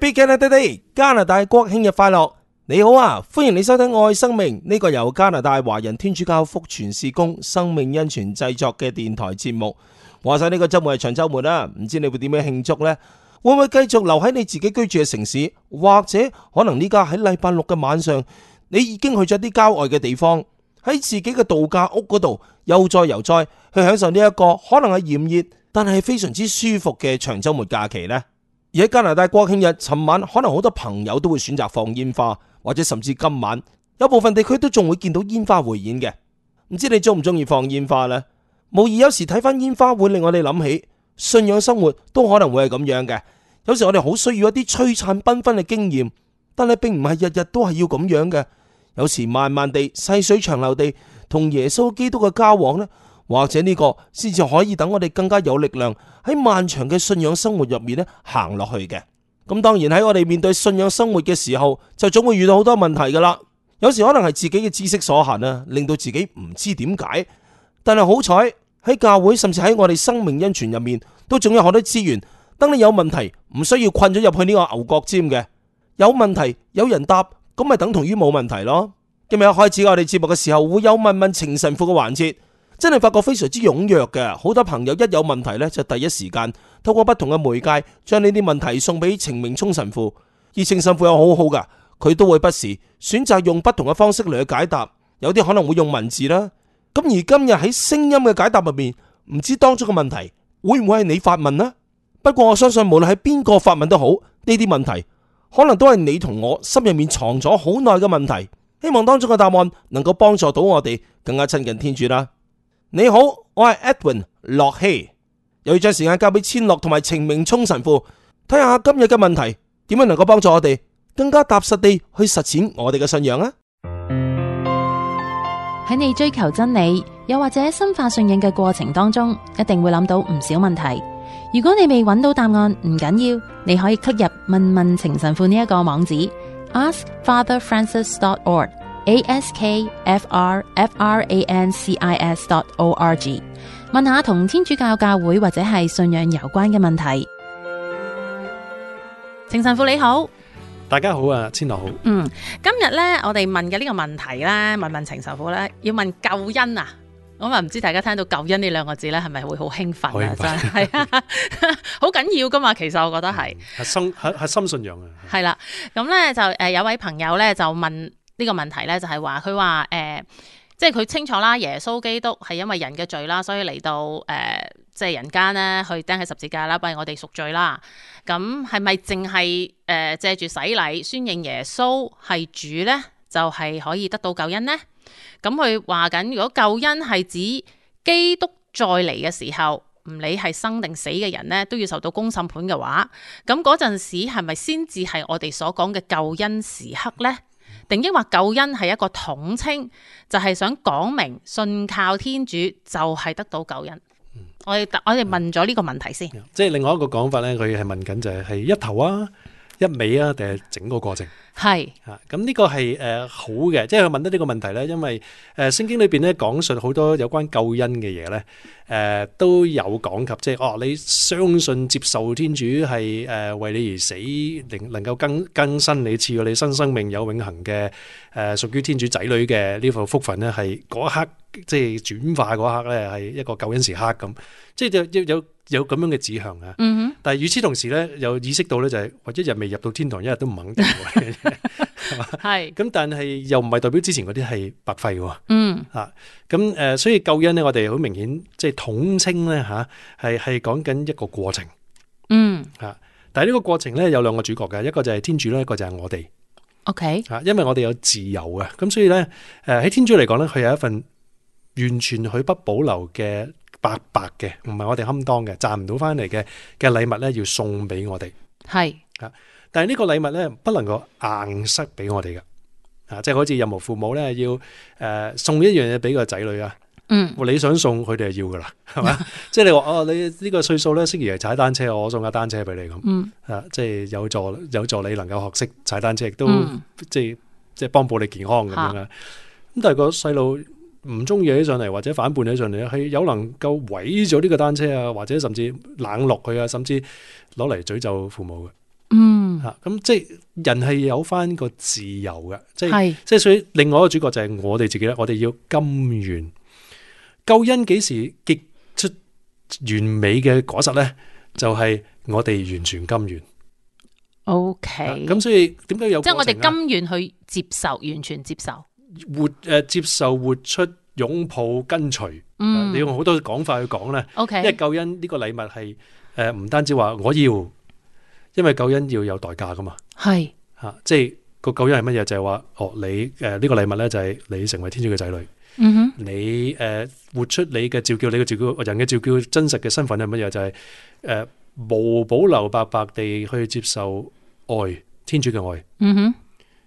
Beggar 啦，弟弟，加拿大國慶日快樂！你好啊，歡迎你收聽《愛生命》呢個由加拿大華人天主教福傳事工生命恩泉製作嘅電台節目。話晒呢個周末係長周末啦，唔知你會點樣慶祝呢？會唔會繼續留喺你自己居住嘅城市，或者可能呢家喺禮拜六嘅晚上，你已經去咗啲郊外嘅地方，喺自己嘅度假屋嗰度，悠哉悠哉去享受呢一個可能係炎熱，但係非常之舒服嘅長周末假期呢？而喺加拿大國慶日，尋晚可能好多朋友都會選擇放煙花，或者甚至今晚有部分地區都仲會見到煙花匯演嘅。唔知你中唔中意放煙花呢？無疑有時睇翻煙花會令我哋諗起信仰生活都可能會係咁樣嘅。有時我哋好需要一啲璀璨繽紛嘅經驗，但係並唔係日日都係要咁樣嘅。有時慢慢地、細水長流地同耶穌基督嘅交往或者呢個先至可以等我哋更加有力量喺漫長嘅信仰生活入面咧行落去嘅。咁當然喺我哋面對信仰生活嘅時候，就總會遇到好多問題噶啦。有時可能係自己嘅知識所限啊，令到自己唔知點解。但係好彩喺教會，甚至喺我哋生命恩泉入面，都總有好多資源。當你有問題，唔需要困咗入去呢個牛角尖嘅。有問題，有人答，咁咪等同於冇問題咯。今日一開始我哋節目嘅時候，會有問問情神父嘅環節。真係發覺非常之踊躍嘅，好多朋友一有問題呢，就第一時間透過不同嘅媒介將呢啲問題送俾程明聰神父，而程神父又好好噶，佢都會不時選擇用不同嘅方式嚟去解答，有啲可能會用文字啦。咁而今日喺聲音嘅解答入面，唔知當中嘅問題會唔會係你發問呢？不過我相信無論係邊個發問都好，呢啲問題可能都係你同我心入面藏咗好耐嘅問題，希望當中嘅答案能夠幫助到我哋更加親近天主啦。你好，我係 Edwin 洛希，又要將時間交俾千樂同埋程明聰神父，睇下今日嘅問題點樣能夠幫助我哋更加踏實地去實踐我哋嘅信仰啊！喺你追求真理，又或者深化信仰嘅過程當中，一定會諗到唔少問題。如果你未揾到答案，唔緊要，你可以輸入問問程神父呢一個網址，askfatherfrancis.org。Ask askfrfrancis.org 問下同天主教教會或者係信仰有關嘅問題。程神父你好，大家好啊，千老好。嗯，今日咧我哋問嘅呢個問題咧，問問程神父咧，要問救恩啊。咁啊，唔知大家聽到救恩呢兩個字咧，係咪會好興奮啊？真係啊，好緊要噶嘛。其實我覺得係核心係核心信仰啊。係啦，咁咧就誒有位朋友咧就問。呢個問題呢，就係話佢話誒，即係佢清楚啦。耶穌基督係因為人嘅罪啦，所以嚟到誒、呃，即係人間呢，去釘喺十字架啦，為我哋贖罪啦。咁係咪淨係誒借住洗禮宣認耶穌係主呢？就係、是、可以得到救恩呢？咁佢話緊，如果救恩係指基督再嚟嘅時候，唔理係生定死嘅人呢，都要受到公審判嘅話，咁嗰陣時係咪先至係我哋所講嘅救恩時刻呢？定抑或救恩係一個統稱，就係、係、想講明信靠天主就係得到救恩。嗯、我哋我哋問咗呢個問題先、嗯嗯，即係另外一個講法咧，佢係問緊就係、係、係一頭啊，一味啊，定係整個過程？係啊，咁呢個係誒好嘅，即係佢問得呢個問題咧，因為誒聖經裏邊咧講述好多有關救恩嘅嘢咧，誒都有講及，即係哦，你相信接受天主係誒為你而死，能能夠更更新你，賜予你新生命，有永恆嘅誒屬於天主仔女嘅呢份福分咧，係嗰一刻。即係轉化嗰刻咧，係一個救恩時刻咁，即係有有有咁樣嘅指向啊。嗯哼。但係與此同時咧，又意識到咧就係，或者一日未入到天堂，一日都唔肯定嘅。係。咁但係又唔係代表之前嗰啲係白費嘅。嗯。啊，咁誒、呃，所以救恩咧，我哋好明顯即係統稱咧吓，係係講緊一個過程。嗯。吓、啊，但係呢個過程咧有兩個主角嘅，一個就係天主咧，一個就係我哋。OK。吓、啊，因為我哋有自由啊，咁所以咧，誒、呃、喺天主嚟講咧，佢有一份。完全佢不保留嘅白白嘅，唔係我哋堪當嘅，賺唔到翻嚟嘅嘅禮物咧，要送俾我哋係啊。是但係呢個禮物咧，不能夠硬塞俾我哋噶啊，即係好似任何父母咧，要、呃、誒送一樣嘢俾個仔女啊。嗯，你想送佢哋就要噶啦，係嘛？即係你話哦，你呢個歲數咧，適宜係踩單車，我送架單車俾你咁。啊，嗯、啊即係有助有助你能夠學識踩單車，亦都、嗯、即係即係幫補你健康咁樣啦。咁、啊、但係個細路。唔中意起上嚟，或者反叛起上嚟啊，係有能夠毀咗呢個單車啊，或者甚至冷落佢啊，甚至攞嚟詛咒父母嘅。嗯，吓咁、嗯、即係人係有翻個自由嘅，即係即係所以另外一個主角就係我哋自己啦，我哋要甘願，救恩幾時結出完美嘅果實咧？就係、是、我哋完全甘願。OK，嗯。咁所以點解有？即係我哋甘願去接受，完全接受。活誒接受活出擁抱跟隨、嗯啊，你用好多講法去講咧。嗯 okay、因為救恩呢個禮物係誒唔單止話我要，因為救恩要有代價噶嘛。係吓是、啊，即係個救恩係乜嘢？就係、是、話哦，你誒呢、呃這個禮物咧就係你成為天主嘅仔女。嗯、哼你誒、呃、活出你嘅召叫，你嘅召叫人嘅召叫，真實嘅身份係乜嘢？就係、是、誒、呃、無保留白白地去接受愛天主嘅愛。嗯哼。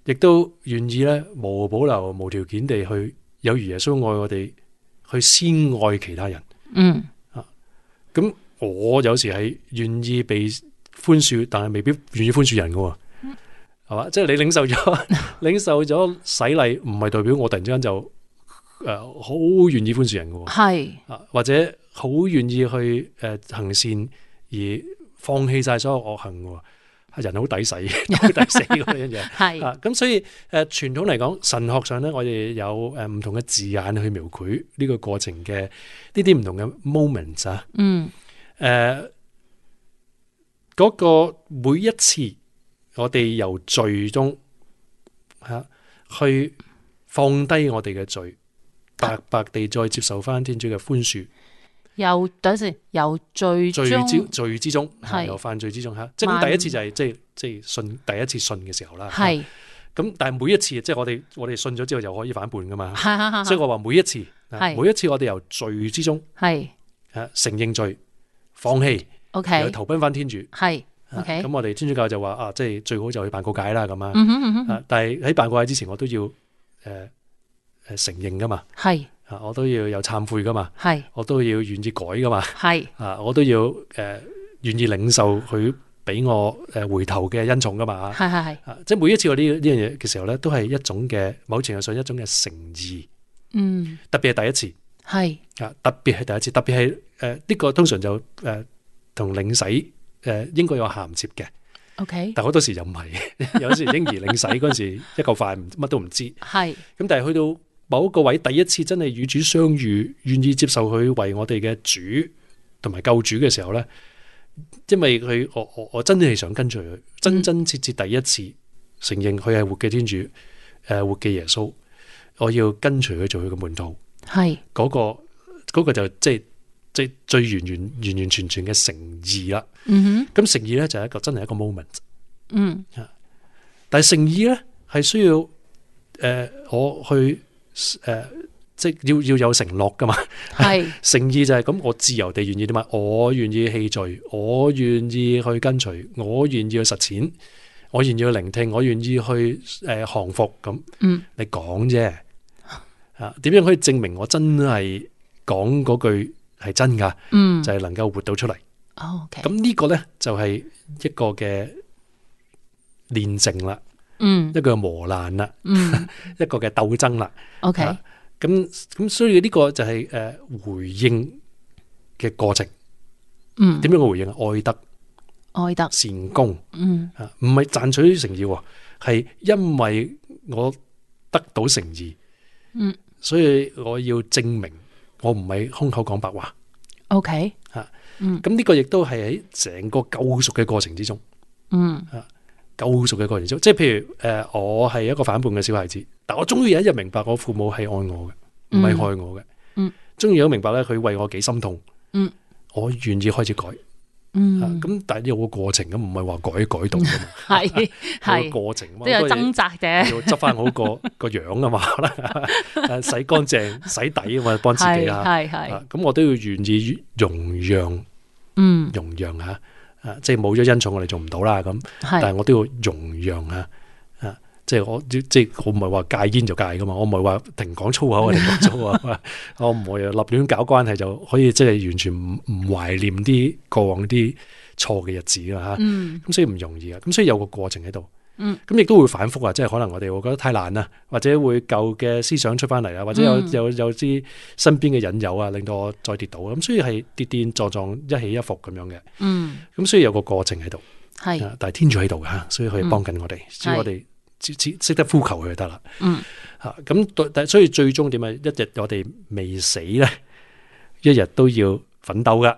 亦都願意咧無保留、無條件地去，有如耶穌愛我哋，去先愛其他人。嗯啊，咁我有時係願意被寬恕，但係未必願意寬恕人嘅喎，係嘛、嗯？即係、就是、你領受咗、 領受咗洗禮，唔係代表我突然之間就誒好願意寬恕人嘅喎，係是、啊、或者好願意去誒、呃、行善而放棄晒所有惡行嘅。人好抵死，好抵死咁樣嘢。係 是，咁、啊、所以，誒、呃，傳統嚟講，神學上咧，我哋有誒唔同嘅字眼去描繪呢個過程嘅呢啲唔同嘅 moment 啊。嗯，誒、啊，嗰、那個每一次我哋由罪中吓、啊、去放低我哋嘅罪，白白地再接受返天主嘅寬恕。由等陣先，由罪之罪之中，係由犯罪之中吓，即係第一次就係即係即係信第一次信嘅時候啦。係咁，但係每一次即係我哋我哋信咗之後，又可以反叛噶嘛。所以我話每一次，每一次我哋由罪之中係誒承認罪，放棄，OK，投奔翻天主，係咁我哋天主教就話啊，即係最好就去辦告解啦咁啊。但係喺辦告解之前，我都要誒誒承認噶嘛。係。啊！我都要有懺悔噶嘛，我都要願意改噶嘛，啊！我都要誒願意領受佢俾我誒、呃、回頭嘅恩寵噶嘛，係係、啊，即係每一次我呢呢樣嘢嘅時候咧，都係一種嘅某程度上一種嘅誠意，嗯，特別係第一次，係是啊，特別係第一次，特別係誒呢個通常就誒同、呃、領洗誒、呃、應該有銜接嘅，OK，但好多時又唔係， 有時嬰兒領洗嗰陣時一嚿飯乜都唔知，係是，咁但係去到。某個位第一次真係與主相遇，願意接受佢為我哋嘅主同埋救主嘅時候呢？因為佢我我我真係想跟隨佢，真真切切第一次承認佢係活嘅天主，誒、呃、活嘅耶穌，我要跟隨佢做佢嘅門徒，係嗰是、嗰個、嗰個就即係即係最完完完完全全嘅誠意啦。咁、嗯、哼誠意呢，就係、是、一個真係一個 moment。嗯，但係誠意呢，係需要誒、呃，我去。誒、呃，即要要有承諾噶嘛？係誠是 意就係、是、咁，我自由地願意點嘛？我願意棄罪，我願意去跟隨，我願意去實踐，我願意去聆聽，我願意去誒降、呃、服咁。嗯，你講啫，啊，點樣可以證明我真係講嗰句係真噶？嗯，就係能夠活到出嚟、哦。OK，咁呢個咧就係、是、一個嘅練證啦。嗯，一個磨難啦，一個嘅鬥爭啦。O K，咁咁，所以呢個就係誒回應嘅過程。嗯，點樣嘅回應啊？愛德，愛德善功。嗯，啊，唔係賺取誠意，係因為我得到誠意。嗯，所以我要證明我唔係空口講白話。O K，吓，嗯，咁呢個亦都係喺成個救贖嘅過程之中。嗯，啊。救贖嘅個人，即係譬如誒、呃，我係一個反叛嘅小孩子，但我終於有一日明白，我父母係愛我嘅，唔係害我嘅。嗯，終於有明白咧，佢為我幾心痛。嗯，我願意開始改。嗯，咁、啊、但係有個過程是，咁唔係話改改到嘅。係係個過程，有掙扎嘅，要執翻好個個樣啊嘛。洗乾淨、洗底啊嘛，幫自己啊。係係，咁我都要願意容讓。嗯，容讓吓。啊！即係冇咗恩寵，我哋做唔到啦咁。但係我都要容讓啊！啊是！即係我即係我唔係話戒煙就戒㗎嘛，我唔係話停講粗口啊，我停講粗口 我唔係立亂搞關係就可以即係完全唔唔懷念啲過往啲錯嘅日子啊嚇！咁、嗯、所以唔容易啊！咁所以有個過程喺度。咁亦都會反覆啊，即係可能我哋會覺得太難啦，或者會舊嘅思想出翻嚟呀，或者有有有啲身邊嘅引誘啊，令到我再跌倒，咁所以係跌跌撞撞，一起一伏咁樣嘅。嗯，咁所以有個過程喺度，係是，但係天主喺度噶，所以可、嗯、以幫緊我哋，只要我哋識識得呼求佢就得啦。吓咁、嗯，但所以最終點啊？一日我哋未死咧，一日都要奮鬥噶，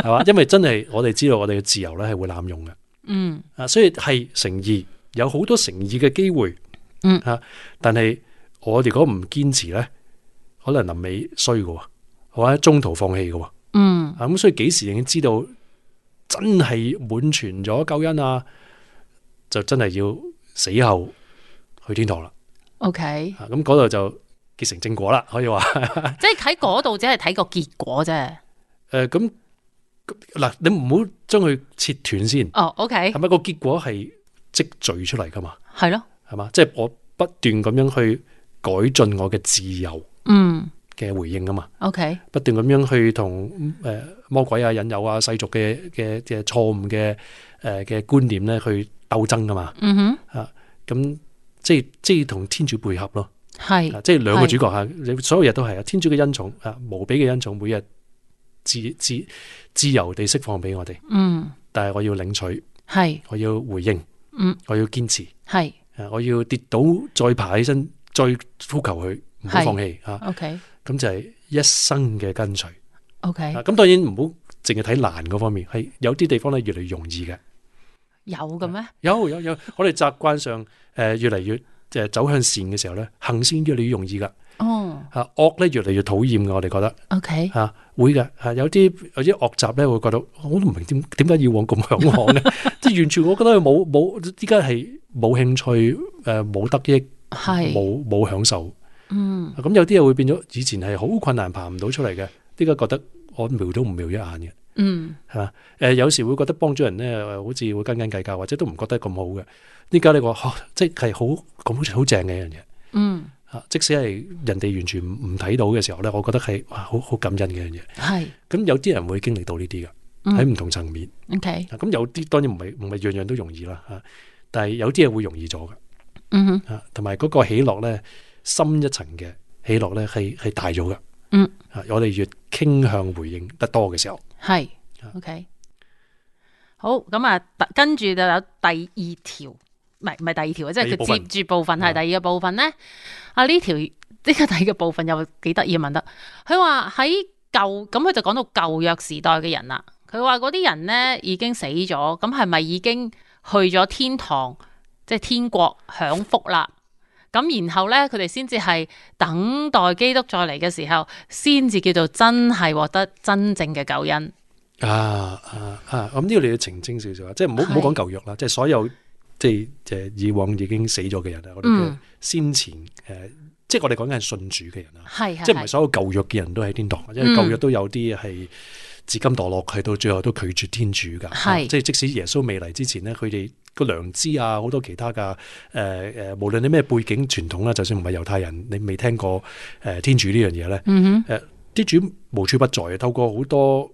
係嘛？ 因為真係我哋知道我哋嘅自由咧係會濫用嘅。嗯，啊，所以係誠意有好多誠意嘅機會，嗯啊，但係我哋如果唔堅持咧，可能臨尾衰嘅，我喺中途放棄嘅，嗯，啊，咁所以幾時已經知道真係滿全咗救恩啊，就真係要死後去天堂啦。OK，咁嗰度就結成正果啦，可以話，即係喺嗰度，淨係睇個結果啫。誒、啊，咁。嗱，你唔好將佢切斷先。哦，OK。係咪個結果係積聚出嚟噶嘛？係咯，係嘛，即係我不斷咁樣去改進我嘅自由，嗯嘅回應啊嘛。OK。不斷咁樣去同誒魔鬼啊、引誘啊、世俗嘅嘅嘅錯誤嘅誒嘅觀念咧去鬥爭噶嘛。嗯哼。啊，咁即係即係同天主配合咯。係，即係兩個主角吓，你所有嘢都係啊。天主嘅恩寵啊，無比嘅恩寵，每日。自自自由地釋放俾我哋，嗯，但係我要領取，係是，我要回應，嗯，我要堅持，係是，誒，我要跌倒再爬起身，再呼求佢唔好放棄吓，OK，咁、啊、就係一生嘅跟隨，OK，咁、啊、當然唔好淨係睇難嗰方面，係有啲地方咧越嚟越容易嘅、啊，有嘅咩？有有有，我哋習慣上誒、呃、越嚟越就、呃、走向善嘅時候咧，行善越嚟越容易噶。吓惡咧越嚟越討厭嘅，我哋覺得越越，OK 吓、啊、會嘅吓、啊、有啲有啲惡習咧，會覺得我都唔明點點解要往咁向往咧，即係 完全我覺得佢冇冇依家係冇興趣誒冇、呃、得益，冇冇是享受，嗯咁、啊、有啲又會變咗以前係好困難爬唔到出嚟嘅，依家覺得我瞄都唔瞄一眼嘅，嗯係嘛誒有時會覺得幫咗人咧好似會斤斤計較，或者都唔覺得咁好嘅，依家你話、啊、即係好咁好正嘅一樣嘢，嗯。即使係人哋完全唔睇到嘅時候咧，我覺得係哇，好好感恩嘅樣嘢。係咁是有啲人會經歷到呢啲嘅，嗯，喺唔同層面。O K，咁有啲當然唔係唔係樣樣都容易啦吓，但係有啲嘢會容易咗嘅。嗯哼，同埋嗰個喜樂咧，深一層嘅喜樂咧，係係大咗嘅。嗯，我哋越傾向回應得多嘅時候，係 O K。好，咁啊，跟住就有第二條，唔係唔係第二條，即係佢接住部分係第二個部分咧。啊！呢條即刻睇嘅部分又幾得意問得，佢話喺舊咁，佢就講到舊約時代嘅人啦。佢話嗰啲人呢，已經死咗，咁係咪已經去咗天堂，即係天國享福啦？咁然後呢，佢哋先至係等待基督再嚟嘅時候，先至叫做真係獲得真正嘅救恩。啊啊啊！咁呢個你要澄清少少，即係唔好唔好講舊約啦，即係所有。即係誒以往已經死咗嘅人啊，我哋嘅先前誒，嗯、即係我哋講緊係信主嘅人啊，是是即係唔係所有舊約嘅人都喺天堂，嗯、因為舊約都有啲係自甘墮落，係到最後都拒絕天主㗎。係是即係即使耶穌未嚟之前咧，佢哋個良知啊，好多其他嘅誒誒，無論你咩背景傳統啦，就算唔係猶太人，你未聽過誒、呃、天主呢樣嘢咧，誒啲、嗯哼呃、主無處不在啊，透過好多。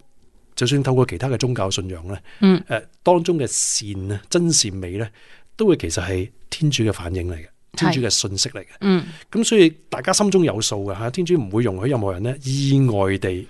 就算透過其他嘅宗教信仰咧，誒、嗯、當中嘅善咧，真善美咧，都會其實係天主嘅反應嚟嘅，天主嘅訊息嚟嘅。嗯，咁所以大家心中有數嘅吓，天主唔會容許任何人咧意外地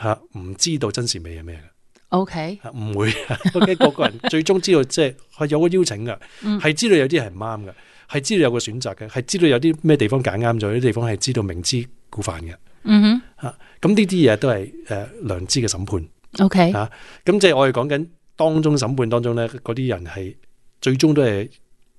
吓唔知道真善美係咩嘅。O K，唔會。O K，個個人最終知道即係 有個邀請嘅，係、嗯、知道有啲係唔啱嘅，係知道有個選擇嘅，係知道有啲咩地方揀啱咗，有啲地方係知道明知故犯嘅。嗯哼，吓咁呢啲嘢都係誒良知嘅審判。O K，吓咁即係我哋講緊當中審判當中咧，嗰啲人係最終都係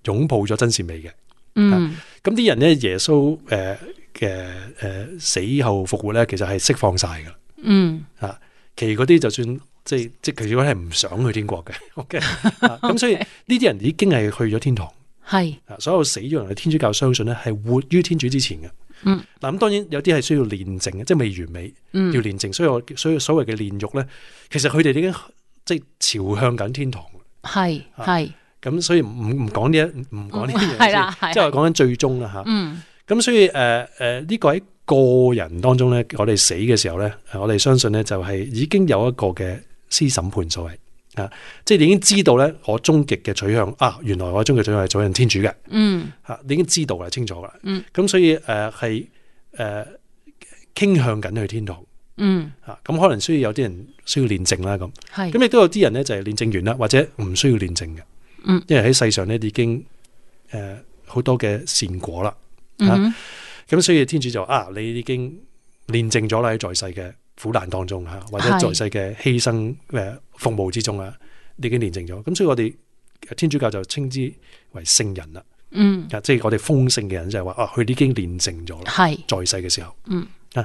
擁抱咗真善美嘅。嗯，咁啲、啊、人咧耶穌誒嘅誒死後復活咧，其實係釋放晒噶。嗯，啊、其實嗰啲就算即係即係佢如果係唔想去天國嘅，O K，咁所以呢啲人已經係去咗天堂。係啊 是，所有死咗人天主教相信咧係活於天主之前嘅。嗯，嗱咁當然有啲係需要煉淨嘅，即係未完美，要煉淨。所以我所以所謂嘅煉獄咧,其實佢哋已經即係朝向緊天堂了。係係，咁、啊、所以唔唔講呢一唔講呢樣即係講緊最終啦吓。嗯、咁、啊嗯、所以誒誒呢個喺個人當中咧，我哋死嘅時候咧，我哋相信咧就係已經有一個嘅私審判在。啊，即係你已經知道咧，我終極嘅取向啊，原來我終極取向係走向天主嘅。嗯，吓、啊、你已經知道啦，清楚啦。嗯，咁所以誒係誒傾向緊去天堂。嗯，吓咁、啊、可能需要有啲人需要練靜啦，咁係、嗯，咁亦都有啲人咧就係練靜完啦，或者唔需要練靜嘅。嗯，因為喺世上咧已經誒好多嘅善果啦。嗯咁、啊、所以天主就啊，你已經練靜咗啦，在世嘅。苦難當中吓，或者在世嘅犧牲誒服務之中啊，已經煉成咗，咁所以我哋天主教就稱之為聖人啦、嗯啊。嗯，即係我哋封聖嘅人就係話，哦，佢哋已經煉成咗，係在世嘅時候。嗯啊，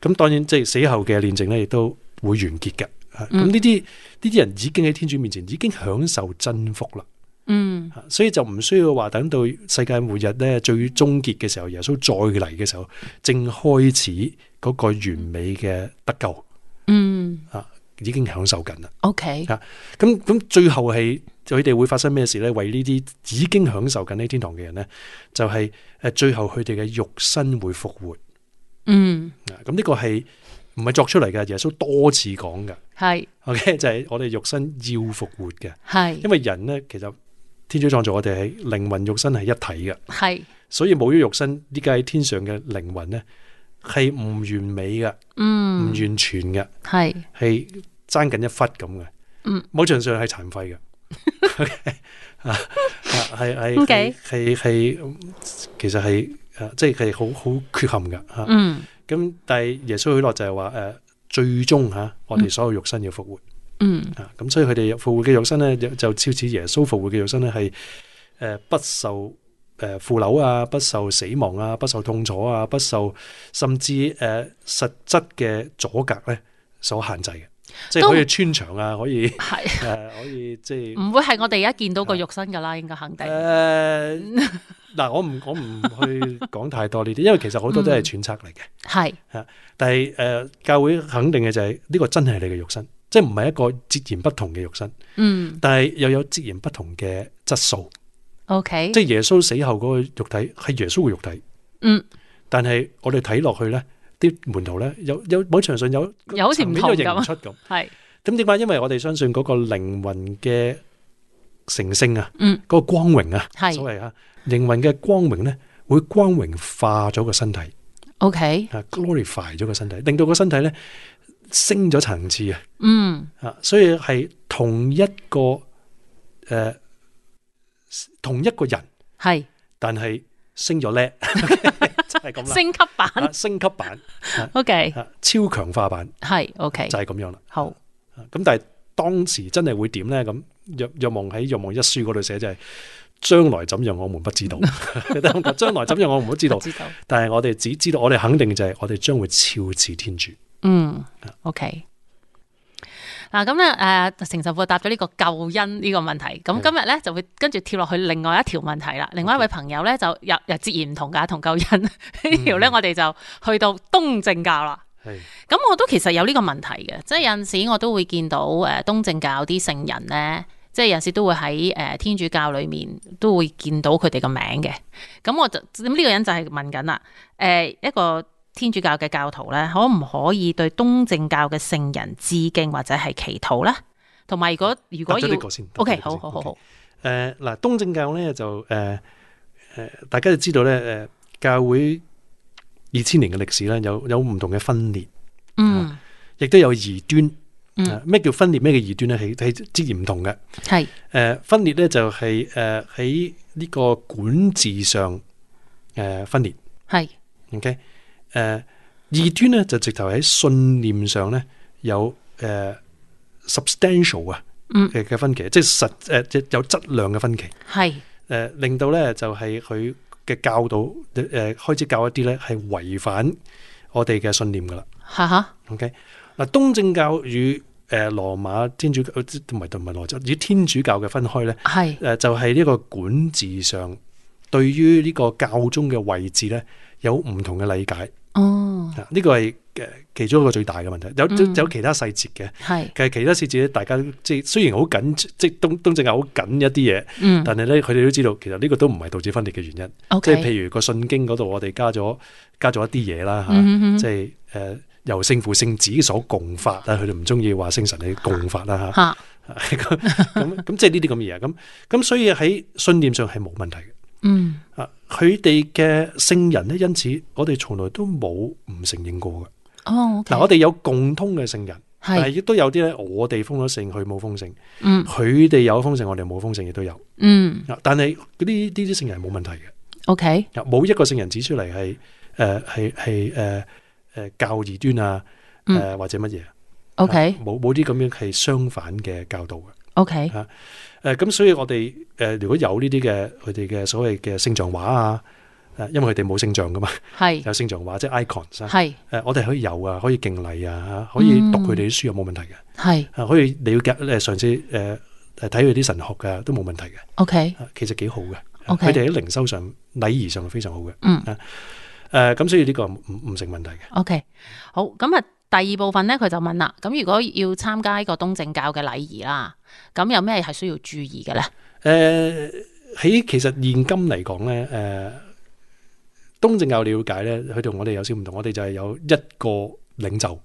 咁當然即係死後嘅煉成咧，亦都會完結嘅。咁呢啲呢啲人已經喺天主面前已經享受真福啦。嗯、啊，所以就唔需要話等到世界末日咧最終結嘅時候，耶穌再嚟嘅時候，正開始。嗰個完美嘅得救，嗯啊，已經享受緊啦。O K，啊，咁咁最後係佢哋會發生咩事咧？為呢啲已經享受緊呢天堂嘅人咧，就係誒，最後佢哋嘅肉身會復活。嗯啊，咁呢、嗯、個係唔係作出嚟嘅？耶穌多次講㗎，係 O K，就係我哋肉身要復活嘅，係是因為人咧，其實天主創造我哋係靈魂肉身係一體嘅，係是所以冇咗肉身，依家喺天上嘅靈魂咧。係唔完美嘅，嗯、唔完全嘅，係係爭緊一忽咁嘅，某程度上係殘廢嘅，係係係係係其實係即係好好缺陷嘅，嗯，咁但係耶穌許諾就係話誒最終吓我哋所有肉身要復活，嗯，咁所以佢哋復活嘅肉身咧就就超似耶穌復活嘅肉身咧係誒不受。誒、呃，腐朽啊，不受死亡啊，不受痛楚啊，不受甚至誒、呃、實質嘅阻隔咧所限制嘅，即係可以穿牆啊，可以係都、啊，可以即係唔會係我哋而家見到個肉身噶啦，啊、應該肯定。誒、呃，嗱、呃，我唔我唔去講太多呢啲， 因為其實好多都係揣測嚟嘅。係、嗯、但係誒、呃、教會肯定嘅就係、是、呢、這個真係你嘅肉身，即係唔係一個截然不同嘅肉身。嗯，但係又有截然不同嘅質素。O K，即係耶穌死後嗰個肉體係耶穌嘅肉體，嗯，但係我哋睇落去咧，啲門徒咧有有，我相信有有前邊都認唔出咁，係咁點解？因為我哋相信嗰個靈魂嘅神聖啊，嗯，嗰個光榮啊，所謂啊，靈魂嘅光榮咧會光榮化咗個身體，O K，啊，glorify 咗個身體，令到個身體咧升咗層次啊，嗯啊，所以係同一個誒。同一個人，係，是但係升咗叻， 係咁升級版，升級版，OK，超強化版，係 OK，就係咁樣啦。好，咁但係當時真係會點咧？咁若若望喺若望一書嗰度寫就係、是、將來怎樣我們不知道，將 來怎樣我們不知道， 知道，但係我哋只知道我哋肯定就係我哋將會超似天主。嗯，OK。嗱咁咧，誒成神父答咗呢個救恩呢個問題，咁的今日咧就會跟住跳落去另外一條問題啦。的另外一位朋友咧就又又截然唔同噶，同救恩、嗯、呢條咧，我哋就去到東正教啦。係的，咁我都其實有呢個問題嘅，即係有時我都會見到誒、呃、東正教啲聖人咧，即係有時都會喺、呃、天主教裏面都會見到佢哋個名嘅。咁我就咁呢、這個人就係問緊啦、呃，一個天主教嘅教徒咧，可唔可以對東正教嘅聖人致敬或者係祈禱咧？同埋，如果如果先。O K，好好好好。誒，嗱，東正教咧就誒誒、呃呃，大家就知道咧，誒、呃、教會二千年嘅歷史咧有有唔同嘅分裂，嗯，亦、啊、都有異端，咩、啊、叫分裂？咩叫異端咧？係係截然唔同嘅係誒分裂咧，就係誒喺呢個管治上誒、呃、分裂係 O K。是 okay? 誒，異端咧就直頭喺信念上咧有誒 substantial 啊，嘅嘅分歧，嗯、即係實誒即有質量嘅分歧，係誒是令到咧就係佢嘅教導誒開始教一啲咧係違反我哋嘅信念噶啦，吓吓哈，OK 嗱，東正教與誒羅馬天主教唔係同埋羅馬，與天主教嘅分開咧係誒就係呢個管治上對於呢個教宗嘅位置咧。有唔同嘅理解，哦，呢個係嘅其中一個最大嘅問題，有、嗯、有其他細節嘅，係是，其實其他細節大家即係雖然好緊，即係東東正教好緊一啲嘢，嗯、但係咧佢哋都知道，其實呢個都唔係導致分裂嘅原因，嗯、即係譬如個信經嗰度我哋加咗加咗一啲嘢啦，吓、啊，即係誒由聖父聖子所共發，但佢哋唔中意話聖神係共發啦，吓，咁咁即係呢啲咁嘅嘢，咁咁所以喺信念上係冇問題嘅。嗯，啊，佢哋嘅聖人咧，因此我哋從來都冇唔承認過嘅。哦，嗱，我哋有共通嘅聖人，係亦都有啲咧、嗯，我哋封咗聖，佢冇封聖。嗯，佢哋有封聖，我哋冇封聖，亦都有。嗯，但係啲呢啲聖人係冇問題嘅。O K，冇一個聖人指出嚟係誒係係誒誒教義端啊，誒、嗯、或者乜嘢？O K，冇冇啲咁樣係相反嘅教導嘅。O Okay . K 啊，誒，咁所以我哋誒、呃，如果有呢啲嘅佢哋嘅所謂嘅聖像畫啊，誒，因為佢哋冇聖像㗎嘛，係是有聖像畫即係 icon 係誒，我哋可以有啊，可以敬禮啊，可以讀佢哋啲書、嗯、啊，冇、呃、問題嘅，係可以你要上次誒睇佢啲神學啊，都冇問題嘅，O K，其實幾好嘅佢哋喺靈修上禮儀上係非常好嘅，嗯，誒、啊，咁、啊、所以呢個唔唔成問題嘅，O K，好，咁啊。第二部分咧，佢就問啦，咁如果要參加呢個東正教嘅禮儀啦，咁有咩係需要注意嘅咧？誒、呃，喺其實現今嚟講咧，誒、呃，東正教了解咧，佢同我哋有少唔同，我哋就係有一個領袖，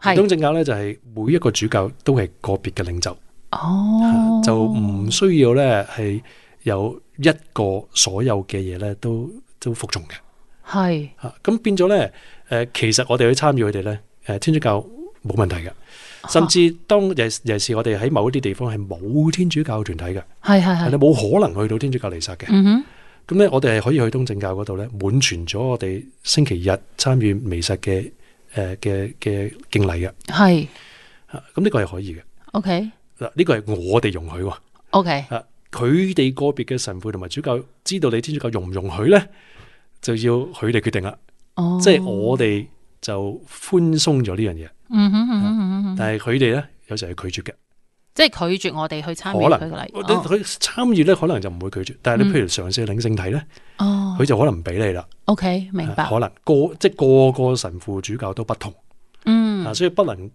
係，東正教咧就係每一個主教都係個別嘅領袖，哦，就唔需要咧係有一個所有嘅嘢咧都都服從嘅，係吓咁變咗咧。誒，其實我哋去參與佢哋咧，誒，天主教冇問題嘅，甚至當，尤，尤其是我哋喺某一啲地方係冇天主教團體嘅，係係係，你冇可能去到天主教彌撒嘅。嗯哼，咁咧我哋係可以去東正教嗰度咧，滿全咗我哋星期日參與彌撒嘅誒嘅嘅敬禮嘅。係是，咁呢、嗯呢個係可以嘅。O K，嗱呢個係我哋容許。O K，佢哋個別嘅神父同埋主教知道你天主教容唔容許咧，就要佢哋決定啦。哦、即係我哋就寬鬆咗呢樣嘢，但係佢哋咧有時係拒絕嘅，即係拒絕我哋去參與佢嘅例子。佢參與咧可能就唔會拒絕，但係你譬如嘗試領聖體咧，佢、嗯、就可能唔俾你啦、哦。OK，明白。啊、可能個即係個個神父主教都不同，嗯啊、所以不能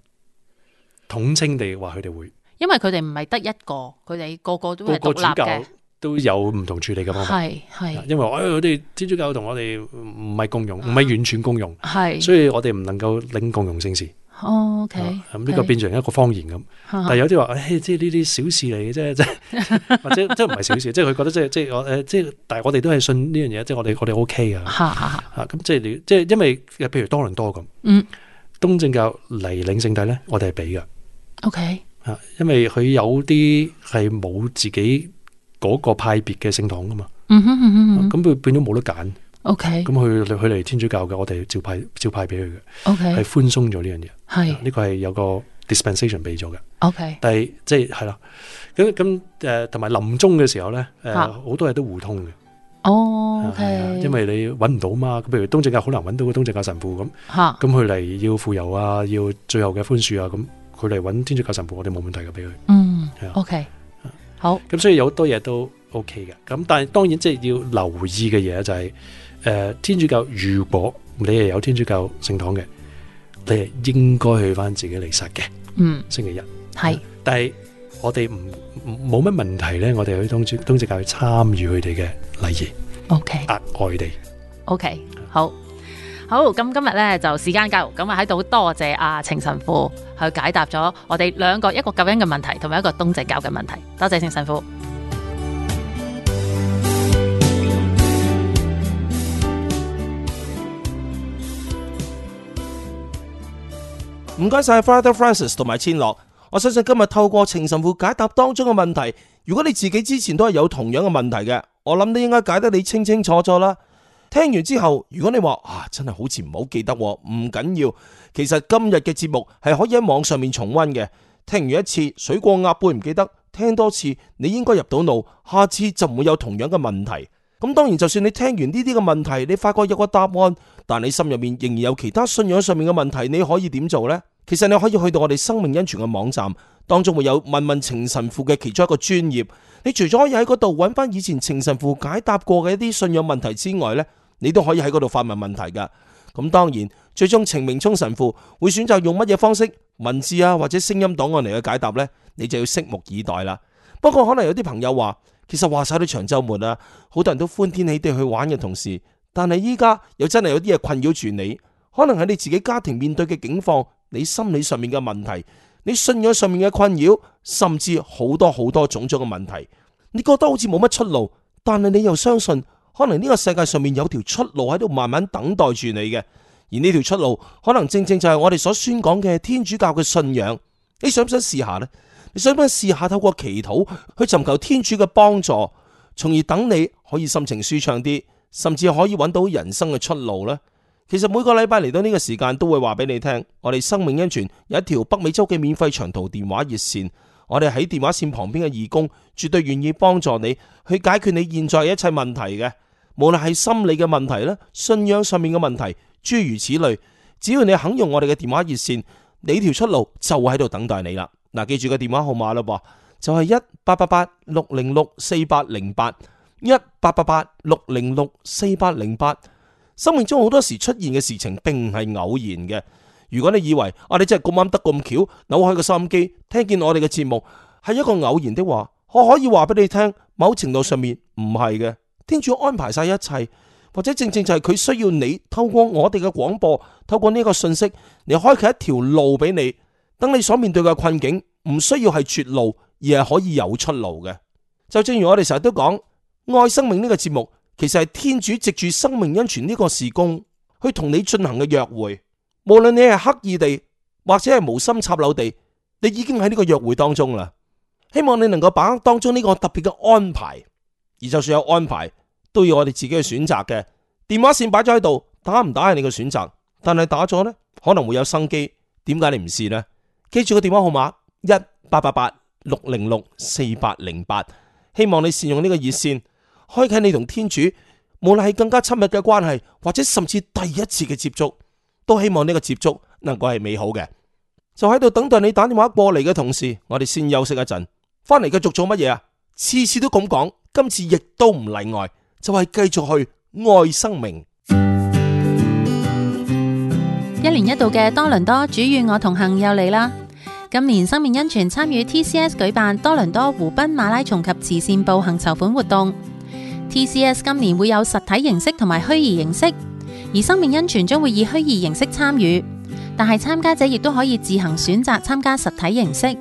統稱地話佢哋會，因為佢哋唔係得一個，佢哋個個都係獨立嘅。都有唔同處理嘅方法，係係，因為誒佢哋天主教同我哋唔係共用，唔係、啊、完全共用，係是，所以我哋唔能夠領共用聖事。O K. 咁呢個變成一個方言咁，okay. 但係有啲話，誒，即係呢啲小事嚟嘅啫，即係或者即係唔係小事，即係佢覺得即係即係我誒，即係，但係我哋都係信呢樣嘢，OK 啊、即係我哋我哋 O K. 噶，咁即係即係因為譬如多倫多咁，嗯，東正教嚟領聖帝咧，我哋係俾嘅。O Okay . K.、啊、因為佢有啲係冇自己。嗰個派別嘅聖堂噶嘛，咁佢變咗冇得揀。OK，咁佢佢嚟天主教嘅，我哋照派照派俾佢嘅。OK，係寬鬆咗呢樣嘢，係呢個係有個 dispensation 俾咗嘅。OK，但係即係係啦，咁咁誒，同埋臨終嘅時候咧，誒，好多嘢都互通嘅。哦，OK，因為你揾唔到嘛，咁譬如東正教好難揾到個東正教神父咁，咁佢嚟要傅油啊，要最後嘅寬恕啊，咁佢嚟揾天主教神父，我哋冇問題嘅，俾佢。嗯，係啊，OK。好，咁所以有好多嘢都 OK 嘅，咁但係當然即係要留意嘅嘢就係、是，誒、呃、天主教如果你係有天主教聖堂嘅，你係應該去返自己禮實嘅，嗯，星期一係，是但係我哋唔冇乜問題咧，我哋去東正東正教去參與佢哋嘅禮儀，OK，額外地，OK，好。好，咁今日咧就時間夠，咁啊喺度多謝阿程神父去解答咗我哋兩個，一個感恩嘅問題，同埋一個東正教嘅問題。多謝程神父，唔該晒 Father Francis 同埋千樂。我相信今日透過程神父解答當中嘅問題，如果你自己之前都係有同樣嘅問題嘅，我諗都應該解得你清清楚楚啦。聽完之後，如果你話啊真係好似唔好記得，唔緊要。其實今日嘅節目係可以喺網上面重溫嘅。聽完一次水過鴨背唔記得，聽多次你應該入到腦，下次就唔會有同樣嘅問題。咁當然，就算你聽完呢啲嘅問題，你發覺有個答案，但你心入面仍然有其他信仰上面嘅問題，你可以點做呢？其實你可以去到我哋生命恩泉嘅網站當中，會有問問程神父嘅其中一個專業。你除咗可以喺嗰度揾翻以前程神父解答過嘅一啲信仰問題之外呢你都可以喺嗰度發問問題㗎，咁當然最終程明聰神父會選擇用乜嘢方式文字，啊或者聲音檔案嚟去解答呢，你就要拭目以待啦。不過可能有啲朋友話，其實話晒啲長週末啊，好多人都歡天喜地去玩嘅同時，但係依家又真係有啲嘢困擾住你，可能係你自己家庭面對嘅境況，你心理上面嘅問題，你信仰上面嘅困擾，甚至好多好多種種嘅問題，你覺得好似冇乜出路，但係你又相信。可能呢個世界上面有條出路喺度慢慢等待住你嘅，而呢條出路可能正正就係我哋所宣講嘅天主教嘅信仰。你想唔想試下呢？你想唔想試下透過祈禱去尋求天主嘅幫助，從而等你可以心情舒暢啲，甚至可以揾到人生嘅出路呢？其實每個禮拜嚟到呢個時間都會話俾你聽，我哋生命恩泉有一條北美洲嘅免費長途電話熱線，我哋喺電話線旁邊嘅義工絕對願意幫助你去解決你現在一切問題嘅。無論係心理嘅問題咧，信仰上面嘅問題，諸如此類，只要你肯用我哋嘅電話熱線，你條出路就喺度等待你啦。嗱，記住個電話號碼啦，就係一八八八六零六四八零八一八八八六零六四八零八。生命中好多時出現嘅事情，並唔係偶然嘅。如果你以為啊，你真係咁啱得咁巧，扭開個收音機，聽見我哋嘅節目係一個偶然的話，我可以話俾你聽，某程度上面唔係嘅。天主安排晒一切，或者正正就係佢需要你透過我哋嘅廣播，透過呢個信息，嚟開啟一條路俾你，等你所面對嘅困境，唔需要係絕路，而係可以有出路嘅。就正如我哋成日都講，愛生命呢個節目，其實係天主藉住生命恩泉呢個事工，去同你進行嘅約會。無論你係刻意地，或者係無心插柳地，你已經喺呢個約會當中啦。希望你能夠把握當中呢個特別嘅安排，而就算有安排。都要我哋自己去選擇嘅電話線擺咗喺度，打唔打係你嘅選擇。但係打咗呢，可能會有生機。點解你唔試呢？記住個電話號碼一八八八六零六四八零八。希望你善用呢個熱線，開啟你同天主無論係更加親密嘅關係，或者甚至第一次嘅接觸，都希望呢個接觸能夠係美好嘅。就喺度等待你打電話過嚟嘅同時，我哋先休息一陣，翻嚟繼續做乜嘢啊？次次都咁講，今次亦都唔例外。就係繼續去愛生命。一年一度嘅多倫多主與我同行又嚟啦！今年生命恩泉參與 TCS 舉辦多倫多湖濱馬拉松及慈善步行籌款活動。TCS 今年會有實體形式同埋虛擬形式，而生命恩泉將會以虛擬形式參與，但係參加者亦都可以自行選擇參加實體形式。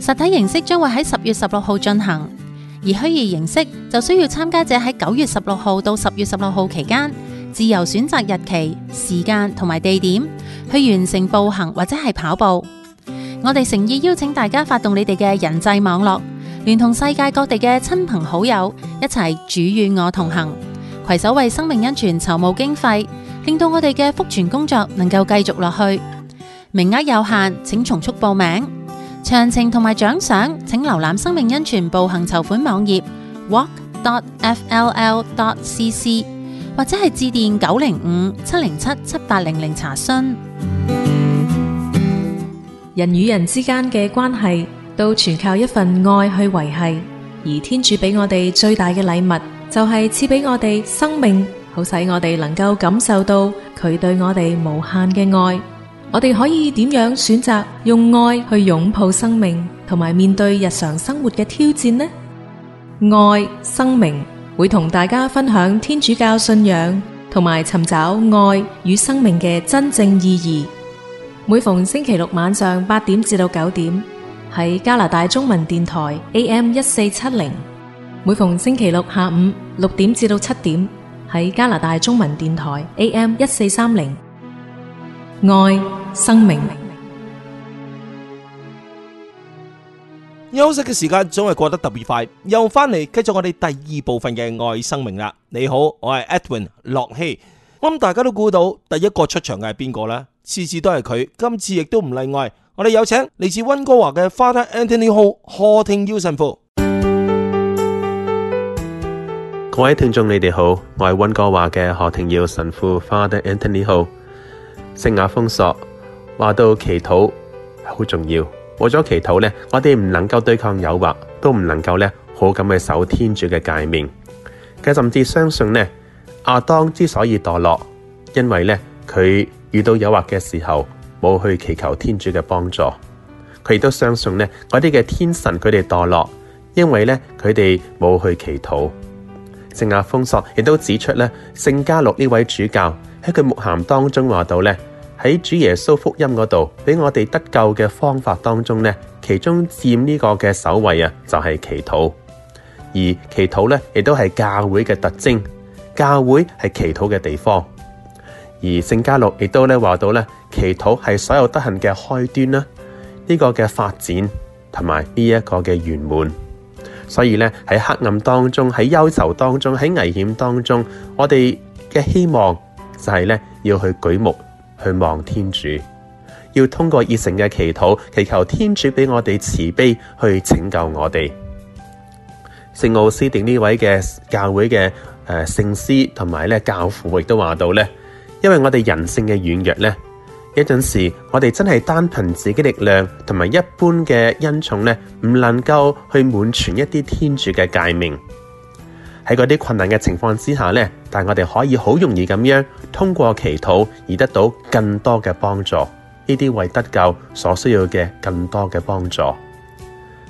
實體形式將會喺十月十六號進行。而虛擬形式就需要參加者喺九月十六號到十月十六號期間，自由選擇日期、時間同埋地點去完成步行或者係跑步。我哋誠意邀請大家發動你哋嘅人際網絡，聯同世界各地嘅親朋好友一齊主與我同行，攜手為生命恩泉籌募經費，令到我哋嘅福傳工作能夠繼續落去。名額有限，請從速報名。詳情同埋獎賞，請瀏覽生命恩泉步行籌款網頁 walk.dot.fll.dot.cc，或者係致電九零五七零七七八零零查詢。人與人之間嘅關係，都全靠一份愛去維繫。而天主俾我哋最大嘅禮物，就係賜俾我哋生命，好使我哋能夠感受到佢對我哋無限嘅愛。我哋可以點樣選擇用愛去擁抱生命，同埋面對日常生活嘅挑戰呢？愛、生命，會同大家分享天主教信仰，同埋尋找愛與生命嘅真正意義。每逢星期六晚上八點至到九點，喺加拿大中文電台 AM 一四七零；每逢星期六下午六點至到七點，喺加拿大中文電台 AM 一四三零。愛。生命明明休息嘅時間總係過得特別快，又翻嚟繼續我哋第二部分嘅愛生命啦。你好，我係 Edwin 洛希。我諗大家都估到第一個出場嘅係邊個呢，次次都係佢，今次亦都唔例外。我哋有請嚟自温哥華嘅 Father Anthony Ho 何廷耀神父。各位聽眾，你哋好，我係温哥華嘅何廷耀神父，Father Anthony Ho，聖雅封索。話到祈禱好重要，為咗祈禱咧，我哋唔能夠對抗誘惑，都唔能夠咧好咁去守天主嘅誡命。佢甚至相信咧，阿當之所以墮落，因為咧佢遇到誘惑嘅時候冇去祈求天主嘅幫助。佢亦都相信咧，我哋嘅天神佢哋墮落，因為咧佢哋冇去祈禱。聖亞封索亦都指出咧，聖嘉祿呢位主教喺佢牧函當中話到咧。喺主耶穌福音嗰度，俾我哋得救嘅方法當中咧，其中佔呢個嘅首位啊，就係、是、祈禱。而祈禱咧，亦都係教會嘅特徵，教會係祈禱嘅地方。而聖加祿亦都咧話到咧，祈禱係所有德行嘅開端啦。呢、這個嘅發展同埋呢一個嘅圓滿，所以咧喺黑暗當中，喺憂愁當中，喺危險當中，我哋嘅希望就係咧要去舉目，去望天主，要通過熱誠嘅祈禱，祈求天主俾我哋慈悲去拯救我哋。聖奧斯定呢位嘅教會嘅誒聖師同埋咧教父，亦都話到咧，因為我哋人性嘅軟弱咧，有陣時我哋真係單憑自己的力量同埋一般嘅恩寵咧，唔能夠去滿全一啲天主嘅誡命。喺嗰啲困難嘅情況之下呢，但係我哋可以好容易咁樣通過祈禱而得到更多嘅幫助。呢啲為得救所需要嘅更多嘅幫助，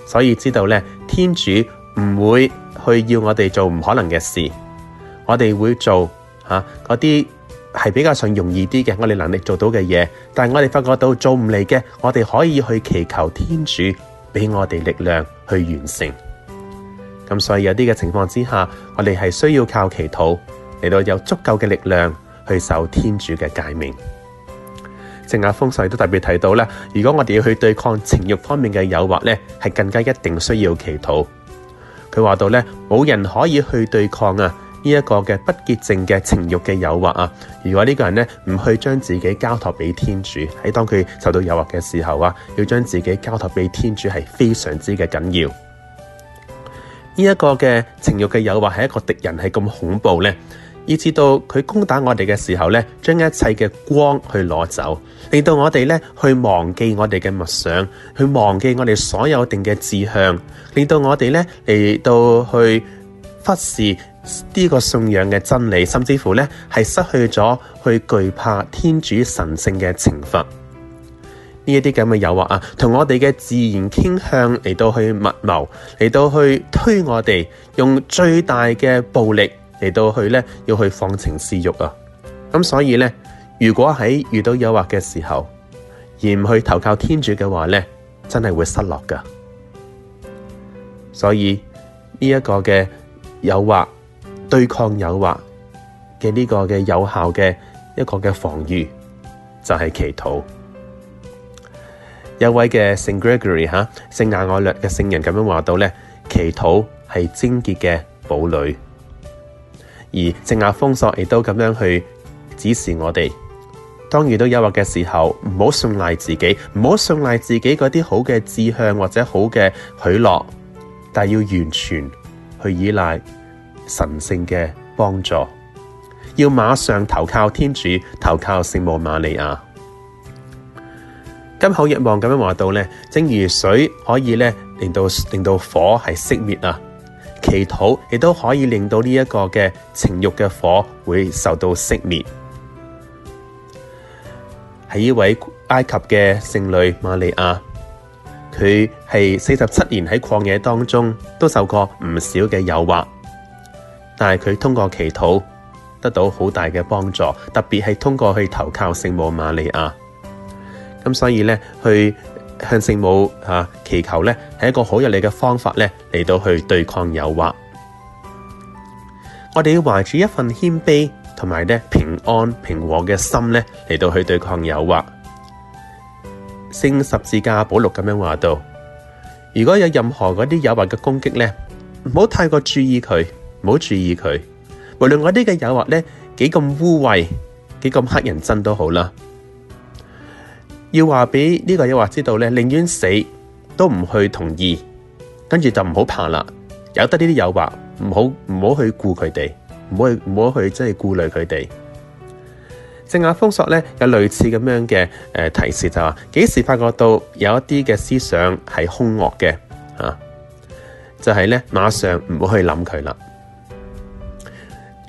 所以知道呢，天主唔會去要我哋做唔可能嘅事，我哋會做吓嗰啲係比較上容易啲嘅，我哋能力做到嘅嘢。但係我哋發覺到做唔嚟嘅，我哋可以去祈求天主俾我哋力量去完成。咁所以有啲嘅情況之下，我哋係需要靠祈禱嚟到有足夠嘅力量去守天主嘅誡命。聖亞豐索都特別提到咧，如果我哋要去對抗情欲方面嘅誘惑咧，係更加一定需要祈禱。佢話到咧，冇人可以去對抗啊呢一個嘅不潔淨嘅情欲嘅誘惑啊。如果呢個人咧唔去將自己交託俾天主，喺當佢受到誘惑嘅時候啊，要將自己交託俾天主係非常之嘅緊要。呢一個嘅情欲嘅誘惑係一個敵人，係咁恐怖咧，以至到佢攻打我哋嘅時候咧，將一切嘅光去攞走，令到我哋咧去忘記我哋嘅默想，去忘記我哋所有定嘅志向，令到我哋咧嚟到去忽視呢個信仰嘅真理，甚至乎咧係失去咗去懼怕天主神聖嘅懲罰。呢啲咁嘅誘惑啊，同我哋嘅自然傾向嚟到去密謀，嚟到去推我哋用最大嘅暴力嚟到去咧，要去放情肆欲啊！咁所以咧，如果喺遇到誘惑嘅時候，而唔去投靠天主嘅話咧，真係會失落噶。所以呢一個嘅誘惑對抗誘惑嘅呢個嘅有效嘅一個嘅防禦，就係祈禱。有位嘅聖 Gregory 聖額我略嘅聖人咁樣話到咧，祈禱係貞潔嘅堡壘，而聖雅風索亦都咁樣去指示我哋。當遇到誘惑嘅時候，唔好信賴自己，唔好信賴自己嗰啲好嘅志向或者好嘅許諾，但要完全去依賴神聖嘅幫助，要馬上投靠天主，投靠聖母瑪利亞。金口若望咁樣話到呢，正如水可以咧，令到令到火係熄滅啊，祈禱亦都可以令到呢一個嘅情欲嘅火會受到熄滅。係呢位埃及嘅聖女瑪利亞，佢係四十七年喺曠野當中都受過唔少嘅誘惑，但係佢通過祈禱得到好大嘅幫助，特別係通過去投靠聖母瑪利亞。咁所以咧，去向聖母啊祈求咧，係一個好有力嘅方法咧，嚟到去對抗誘惑。我哋要懷住一份謙卑同埋咧平安平和嘅心咧，嚟到去對抗誘惑。聖十字架保祿咁樣話道，如果有任何嗰啲誘惑嘅攻擊咧，唔好太過注意佢，唔好注意佢。無論嗰啲嘅誘惑咧幾咁污穢，幾咁乞人憎都好啦。要話俾呢個誘惑知道咧，寧願死都唔去同意，跟住就唔好怕啦。有得呢啲誘惑，唔好唔好去顧佢哋，唔好去唔好去即係顧慮佢哋。正雅封索咧有類似咁樣嘅誒、呃、提示，就是，就話幾時發覺到有一啲嘅思想係兇惡嘅啊，就係、是、咧馬上唔好去諗佢啦。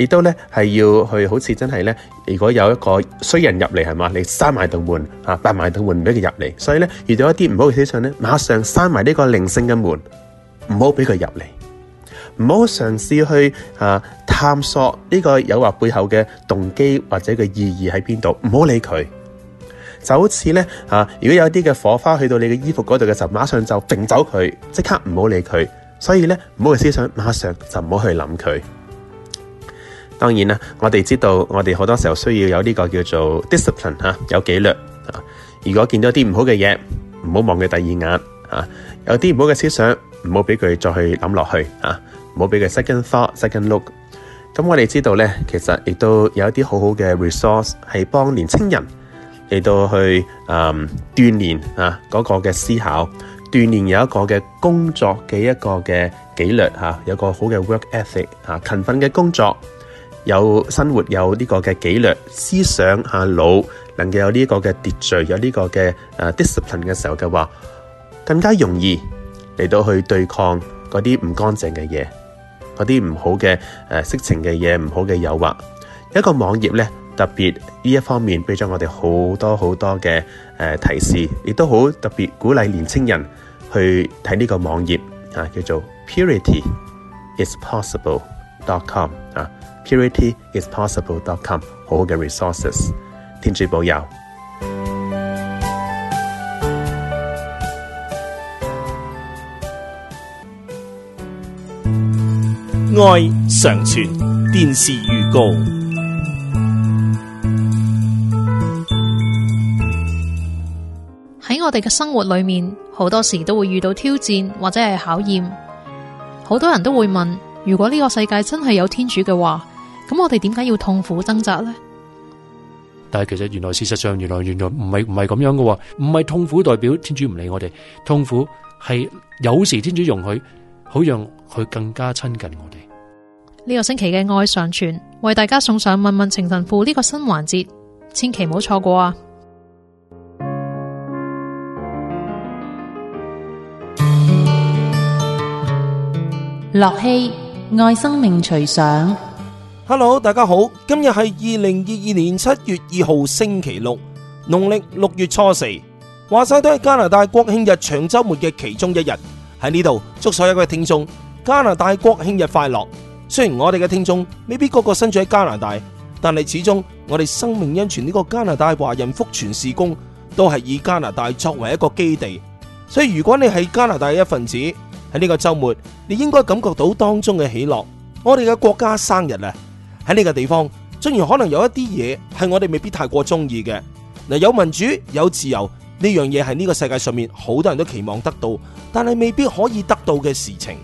亦都咧，係要去好似真係咧。如果有一個衰人入嚟，係嘛，你閂埋道門嚇，閉埋道門唔俾佢入嚟。所以咧，遇到一啲唔好嘅思想咧，馬上閂埋呢個靈性嘅門，唔好俾佢入嚟，唔好嘗試去嚇探索呢個誘惑背後嘅動機或者嘅意義喺邊度，唔好理佢。就好似咧嚇，如果有啲嘅火花去到你嘅衣服嗰度嘅時候，馬上就揈走佢，即刻唔好理佢。所以咧，唔好嘅思想馬上就唔好去諗佢。當然啦，我哋知道，我哋好多時候需要有呢個叫做 discipline 吓，有紀律啊。如果見到一啲唔好嘅嘢，唔好望佢第二眼吓。有啲唔好嘅思想，唔好俾佢再去諗落去吓，唔好俾佢 second thought、second look。咁我哋知道咧，其實亦都有一啲好好嘅 resource 係幫年青人嚟到去嗯鍛鍊啊嗰個嘅思考，鍛鍊有一個嘅工作嘅一個嘅紀律吓，有個好嘅 work ethic 吓，勤奮嘅工作。有生活有呢個嘅紀律思想嚇、啊、腦，能夠有呢個嘅秩序，有呢個嘅誒 discipline 嘅時候嘅話，更加容易嚟到去對抗嗰啲唔乾淨嘅嘢，嗰啲唔好嘅誒色情嘅嘢，唔好嘅誘惑。一個網頁咧特別呢一方面俾咗我哋好多好多嘅誒提示，亦都好特別鼓勵年輕人去睇呢個網頁啊，叫做 purityispossible.com 啊。PurityIsPossible.com 好好嘅 resources，天主保佑。愛上傳電視預告。喺我哋嘅生活裏面，好多時都會遇到挑戰或者係考驗。好多人都會問：如果呢個世界真係有天主嘅話？咁我哋點解要痛苦掙扎呢？但係其實原來事實上，原來原來唔係唔係咁樣嘅，唔係痛苦代表天主唔理我哋，痛苦係有時天主容許，好讓佢更加親近我哋。呢個星期嘅愛上傳為大家送上問問情神父呢個新環節，千祈唔好錯過啊！樂器愛生命隨想。Hello，大家好！今日係二零二二年七月二號星期六，農曆六月初四。話晒都係加拿大國慶日長周末嘅其中一日。喺呢度祝所有嘅聽眾加拿大國慶日快樂。雖然我哋嘅聽眾未必個個身處喺加拿大，但係始終我哋生命恩泉呢個加拿大華人福傳事工都係以加拿大作為一個基地。所以如果你係加拿大嘅一份子，喺呢個周末你應該感覺到當中嘅喜樂。我哋嘅國家生日啊！喺呢個地方，雖然可能有一啲嘢係我哋未必太過中意嘅，嗱，有民主有自由呢樣嘢係呢個世界上面好多人都期望得到，但係未必可以得到嘅事情。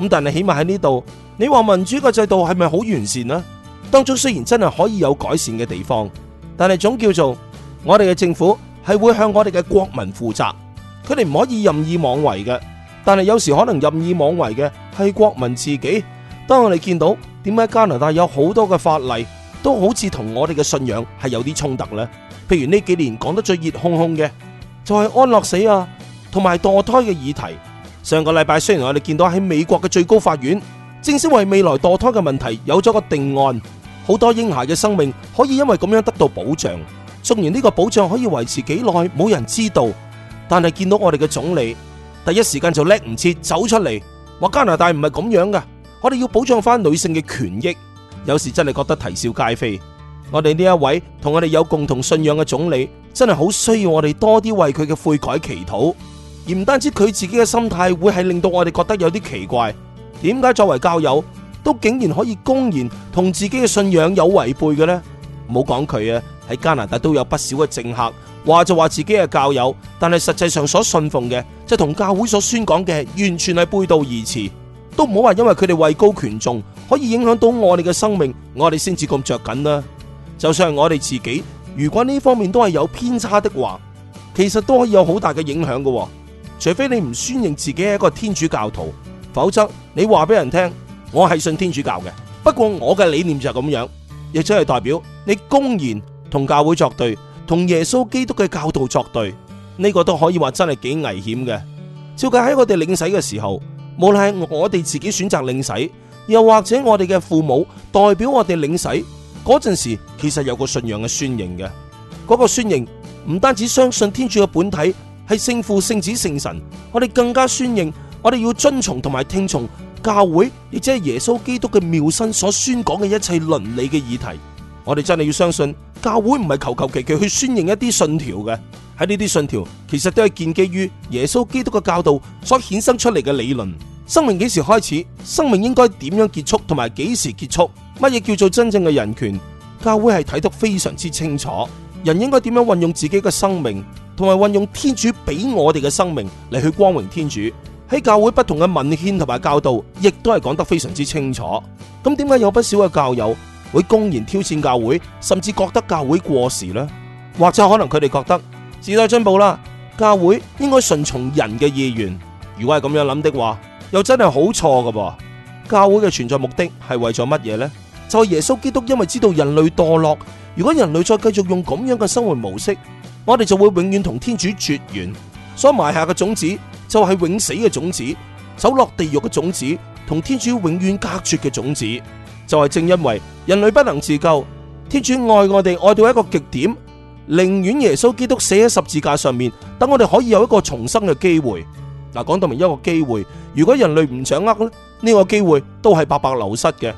咁但係起碼喺呢度，你話民主嘅制度係咪好完善呢？當中雖然真係可以有改善嘅地方，但係總叫做我哋嘅政府係會向我哋嘅國民負責，佢哋唔可以任意妄為嘅。但係有時可能任意妄為嘅係國民自己。當我哋見到點解加拿大有好多嘅法例都好似同我哋嘅信仰係有啲衝突呢？譬如呢幾年講得最熱烘烘嘅就係、是、安樂死啊，同埋墮胎嘅議題。上個禮拜雖然我哋見到喺美國嘅最高法院，正式為未來墮胎嘅問題有咗個定案，好多嬰孩嘅生命可以因為咁樣得到保障。縱然呢個保障可以維持幾耐，冇人知道，但係見到我哋嘅總理第一時間就叻唔切走出嚟，話加拿大唔係咁樣噶。我哋要保障翻女性嘅權益，有時真係覺得啼笑皆非。我哋呢一位同我哋有共同信仰嘅總理，真係好需要我哋多啲為佢嘅悔改祈禱。而唔單止佢自己嘅心態，會係令到我哋覺得有啲奇怪。點解作為教友，都竟然可以公然同自己嘅信仰有違背嘅呢？唔好講佢啊，喺加拿大都有不少嘅政客話就話自己係教友，但係實際上所信奉嘅，就同教會所宣講嘅完全係背道而馳。都唔好話，因為佢哋位高權重，可以影響到我哋嘅生命，我哋先至咁着緊啦。就算係我哋自己，如果呢方面都係有偏差的話，其實都可以有好大嘅影響嘅。除非你唔宣認自己係一個天主教徒，否則你話俾人聽，我係信天主教嘅。不過我嘅理念就係咁樣，亦即係代表你公然同教會作對，同耶穌基督嘅教徒作對，呢個都可以話真係幾危險嘅。照計喺我哋領洗嘅時候。無論係我哋自己選擇領洗，又或者我哋嘅父母代表我哋領洗，嗰陣時其實有個信仰嘅宣認嘅，嗰、嗰個宣認唔單止相信天主嘅本體係聖父、聖子、聖神，我哋更加宣認我哋要遵從同埋聽從教會，亦即係耶穌基督嘅妙身所宣講嘅一切倫理嘅議題。我哋真係要相信教會唔係求求其其去宣認一啲信條嘅。喺呢啲信條，其實都係建基於耶穌基督嘅教導所衍生出嚟嘅理論。生命幾時開始？生命應該點樣結束？同埋幾時結束？乜嘢叫做真正嘅人權？教會係睇得非常之清楚。人應該點樣運用自己嘅生命，同埋運用天主俾我哋嘅生命嚟去光榮天主。喺教會不同嘅文獻同埋教導，亦都係講得非常之清楚。咁點解有不少嘅教友會公然挑戰教會，甚至覺得教會過時呢？或者可能佢哋覺得……時代進步啦，教會應該順從人嘅意願。如果係咁樣諗的話，又真係好錯噶噃。教會嘅存在目的係為咗乜嘢呢？就係、是、耶穌基督因為知道人類墮落，如果人類再繼續用咁樣嘅生活模式，我哋就會永遠同天主絕緣。所以埋下嘅種子就係永死嘅種子，走落地獄嘅種子，同天主永遠隔絕嘅種子。就係、是、正因為人類不能自救，天主愛我哋愛到一個極點。寧願耶穌基督死喺十字架上面，等我哋可以有一個重生嘅機會。嗱，講到明一個機會，如果人類唔掌握咧，呢個機會都係白白流失嘅。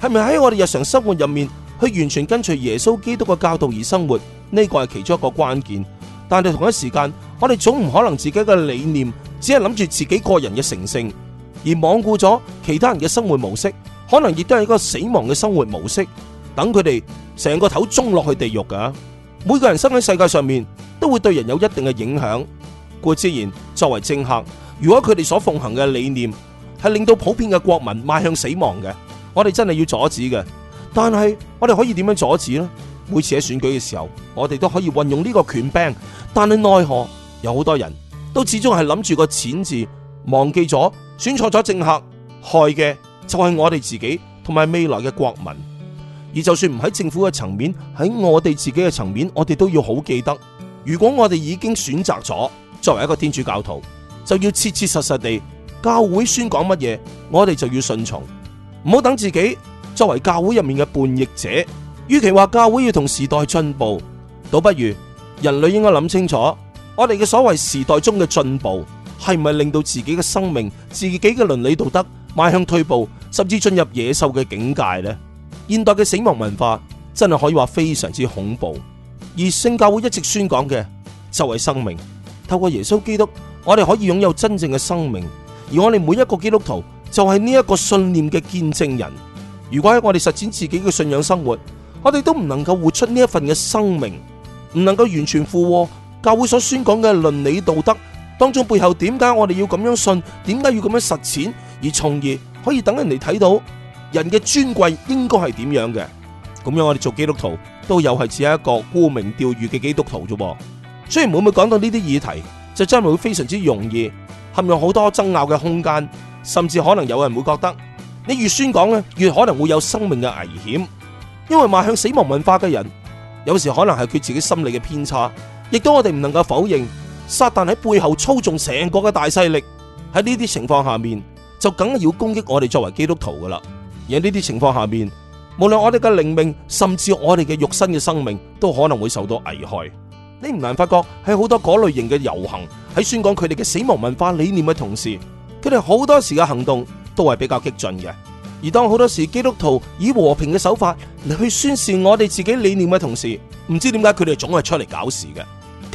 係咪喺我哋日常生活入面去完全跟隨耶穌基督嘅教導而生活？呢個係其中一個關鍵。但係同一時間，我哋總唔可能自己嘅理念，只係諗住自己個人嘅成聖，而罔顧咗其他人嘅生活模式，可能亦都係一個死亡嘅生活模式，等佢哋成個頭中落去地獄噶。每個人生喺世界上面都會對人有一定嘅影響，固之然作為政客，如果佢哋所奉行嘅理念係令到普遍嘅國民邁向死亡嘅，我哋真係要阻止嘅。但係我哋可以點樣阻止呢？每次喺選舉嘅時候，我哋都可以運用呢個權柄，但係奈何有好多人都始終係諗住個錢字，忘記咗選錯咗政客，害嘅就係我哋自己同埋未來嘅國民。而就算唔喺政府嘅層面，喺我哋自己嘅層面，我哋都要好記得。如果我哋已經選擇咗作為一個天主教徒，就要切切實實地教會宣講乜嘢，我哋就要順從。唔好等自己作為教會入面嘅叛逆者。與其話教會要同時代進步，倒不如人類應該諗清楚，我哋嘅所謂時代中嘅進步係唔係令到自己嘅生命、自己嘅倫理道德邁向退步，甚至進入野獸嘅境界咧？現代嘅死亡文化真係可以話非常之恐怖，而聖教會一直宣講嘅就係生命。透過耶穌基督，我哋可以擁有真正嘅生命。而我哋每一個基督徒就係呢一個信念嘅見證人。如果喺我哋實踐自己嘅信仰生活，我哋都唔能夠活出呢一份嘅生命，唔能夠完全符合教會所宣講嘅倫理道德當中背後，點解我哋要咁樣信，點解要咁樣實踐，而從而可以等人哋睇到。人嘅尊貴應該係點樣嘅？咁樣我哋做基督徒都有係似一個沽名釣譽嘅基督徒啫。雖然每每講到呢啲議題，就真係會非常之容易陷入好多爭拗嘅空間，甚至可能有人會覺得你越宣講呢越可能會有生命嘅危險。因為邁向死亡文化嘅人，有時可能係佢自己心理嘅偏差，亦都我哋唔能夠否認撒旦喺背後操縱成個嘅大勢力。喺呢啲情況下面，就梗係要攻擊我哋作為基督徒噶啦。而喺呢啲情況下面，無論我哋嘅靈命，甚至我哋嘅肉身嘅生命，都可能會受到危害。你唔難發覺，喺好多嗰類型嘅遊行，喺宣講佢哋嘅死亡文化理念嘅同時，佢哋好多時嘅行動都係比較激進嘅。而當好多時基督徒以和平嘅手法嚟去宣洩我哋自己理念嘅同時，唔知點解佢哋總係出嚟搞事嘅。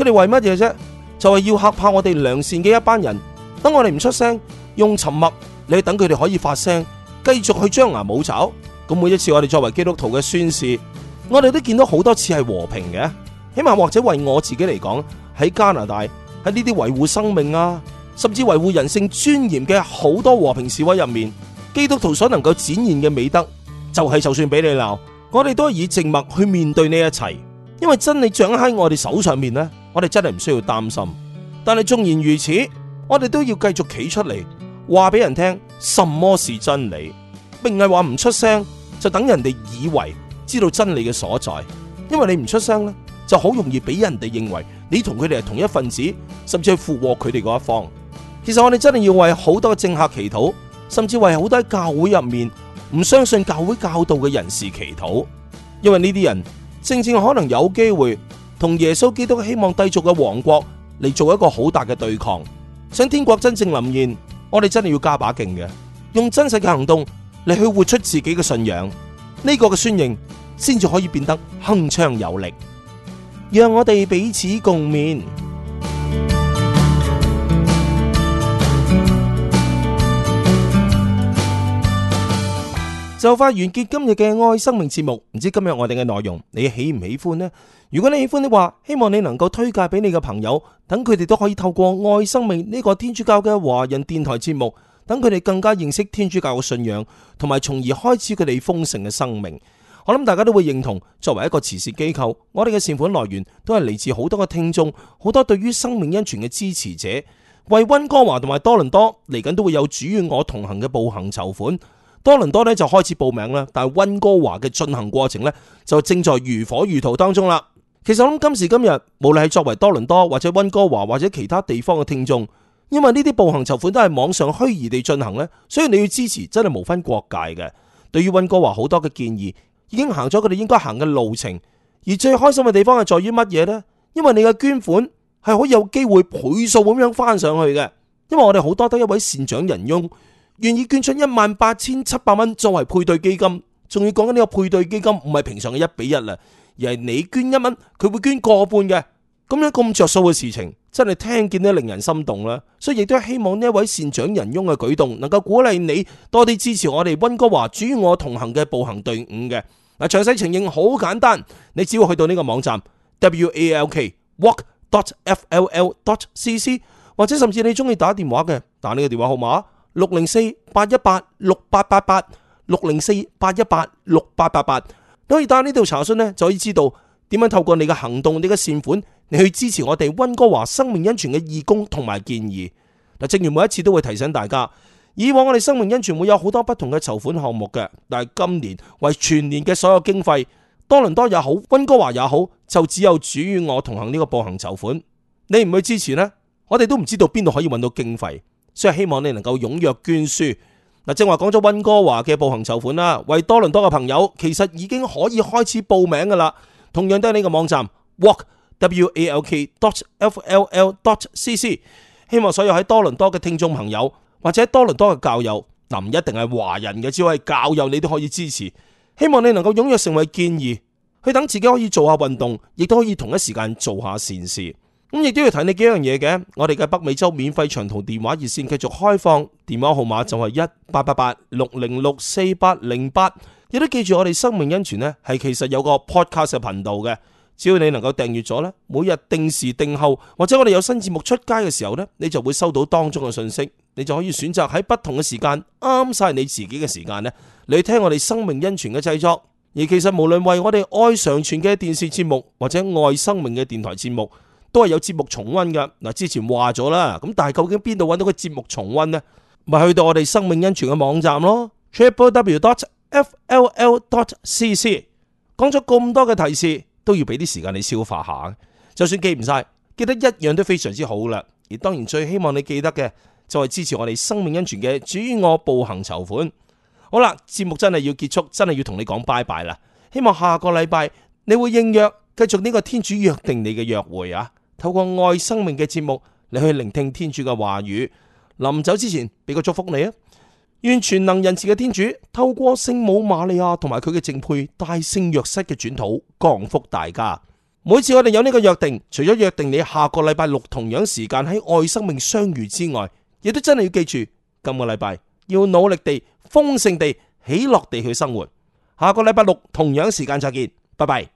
佢哋為乜嘢啫？就係、是、要嚇怕我哋良善嘅一班人。等我哋唔出聲，用沉默，你等佢哋可以發聲。繼續去張牙舞爪，咁每一次我哋作為基督徒嘅宣示，我哋都見到好多次係和平嘅，起碼或者為我自己嚟講，喺加拿大，喺呢啲維護生命啊，甚至維護人性尊嚴嘅好多和平示威入面，基督徒所能夠展現嘅美德，就係就算俾你鬧，我哋都係以靜默去面對呢一切。因為真理掌握喺我哋手上面呢，我哋真係唔需要擔心。但係縱然如此，我哋都要繼續企出嚟。話俾人聽，什麼是真理，並係話唔出聲就等人哋以為知道真理嘅所在。因為你唔出聲呢，就好容易俾人哋認為你同佢哋係同一份子，甚至去附和佢哋嗰一方。其實我哋真係要為好多嘅政客祈禱，甚至為好多喺教會入面唔相信教會教導嘅人士祈禱，因為呢啲人正正可能有機會同耶穌基督嘅希望締造嘅王國嚟做一個好大嘅對抗，想天國真正臨現。我哋真係要加把勁嘅，用真實嘅行動嚟去活出自己嘅信仰，呢、這個嘅宣言先至可以變得鏗鏘有力，讓我哋彼此共勉。就快完結今日嘅愛生命節目，唔知今日我哋嘅內容你喜唔喜歡呢？如果你喜歡的話，希望你能夠推介俾你嘅朋友，等佢哋都可以透過愛生命呢個天主教嘅華人電台節目，等佢哋更加認識天主教嘅信仰，同埋從而開始佢哋豐盛嘅生命。我諗大家都會認同，作為一個慈善機構，我哋嘅善款來源都係嚟自好多嘅聽眾，好多對於生命恩泉嘅支持者。為溫哥華同埋多倫多嚟緊都會有主與我同行嘅步行籌款。多倫多咧就開始報名啦，但係溫哥華嘅進行過程咧就正在如火如荼當中啦。其實我諗今時今日，無論係作為多倫多或者溫哥華或者其他地方嘅聽眾，因為呢啲步行籌款都係網上虛擬地進行咧，所以你要支持真係無分國界嘅。對於溫哥華好多嘅建議，已經行咗佢哋應該行嘅路程。而最開心嘅地方係在於乜嘢呢？因為你嘅捐款係可以有機會倍數咁樣翻上去嘅。因為我哋好多得一位善長人翁。願意捐出一萬八千七百蚊作為配對基金，仲要講緊呢個配對基金唔係平常嘅一比一啦，而係你捐一蚊，佢會捐個半嘅。咁樣咁着數嘅事情，真係聽見都令人心動啦。所以亦都希望呢一位善長仁翁嘅舉動，能夠鼓勵你多啲支持我哋温哥華主我同行嘅步行隊伍嘅。嗱，詳細情形好簡單，你只要去到呢個網站 w a l k walk dot f l l dot c c，或者甚至你中意打電話嘅，打呢個電話號碼。六零四八一八六八八八六零四八一八六八八八，8, 8, 你可以打呢度查詢呢，就可以知道點樣透過你嘅行動，你嘅善款，你去支持我哋溫哥華生命恩泉嘅義工同埋建議。嗱，正如每一次都會提醒大家，以往我哋生命恩泉會有好多不同嘅籌款項目嘅，但係今年為全年嘅所有經費，多倫多也好，溫哥華也好，就只有主與我同行呢個步行籌款，你唔去支持呢，我哋都唔知道邊度可以揾到經費。即係希望你能夠踊躍捐書。嗱，正話講咗温哥華嘅步行籌款啦，為多倫多嘅朋友，其實已經可以開始報名噶啦。同樣都係呢個網站 walk w a l k f l l c c。希望所有喺多倫多嘅聽眾朋友，或者多倫多嘅教友，嗱，唔一定係華人嘅，只要係教友你都可以支持。希望你能夠踊躍成為建議，去等自己可以做下運動，亦都可以同一時間做下善事。咁亦都要睇你幾樣嘢嘅。我哋嘅北美洲免費長途電話熱線繼續開放，電話號碼就係一八八八六零六四八零八。亦都記住，我哋生命恩泉咧係其實有個 podcast 嘅頻道嘅。只要你能夠訂閱咗咧，每日定時定後或者我哋有新節目出街嘅時候咧，你就會收到當中嘅信息。你就可以選擇喺不同嘅時間啱晒你自己嘅時間咧，你聽我哋生命恩泉嘅製作。而其實無論為我哋愛上傳嘅電視節目或者愛生命嘅電台節目。都係有節目重溫噶，嗱之前話咗啦，咁但係究竟邊度揾到個節目重溫呢？咪去到我哋生命恩泉嘅網站咯 triple w dot fll dot cc 講咗咁多嘅提示，都要俾啲時間你消化下，就算記唔晒，記得一樣都非常之好啦。而當然最希望你記得嘅就係支持我哋生命恩泉嘅主我步行籌款。好啦，節目真係要結束，真係要同你講拜拜啦。希望下個禮拜你會應約，繼續呢個天主約定你嘅約會啊！透過愛生命嘅節目，你去聆聽天主嘅話語。臨走之前，俾個祝福你啊！願全能仁慈嘅天主透過聖母瑪利亞同埋佢嘅正配大聖若瑟嘅轉禱，降福大家。每次我哋有呢個約定，除咗約定你下個禮拜六同樣時間喺愛生命相遇之外，亦都真係要記住，今個禮拜要努力地豐盛地喜樂地去生活。下個禮拜六同樣時間再見，拜拜。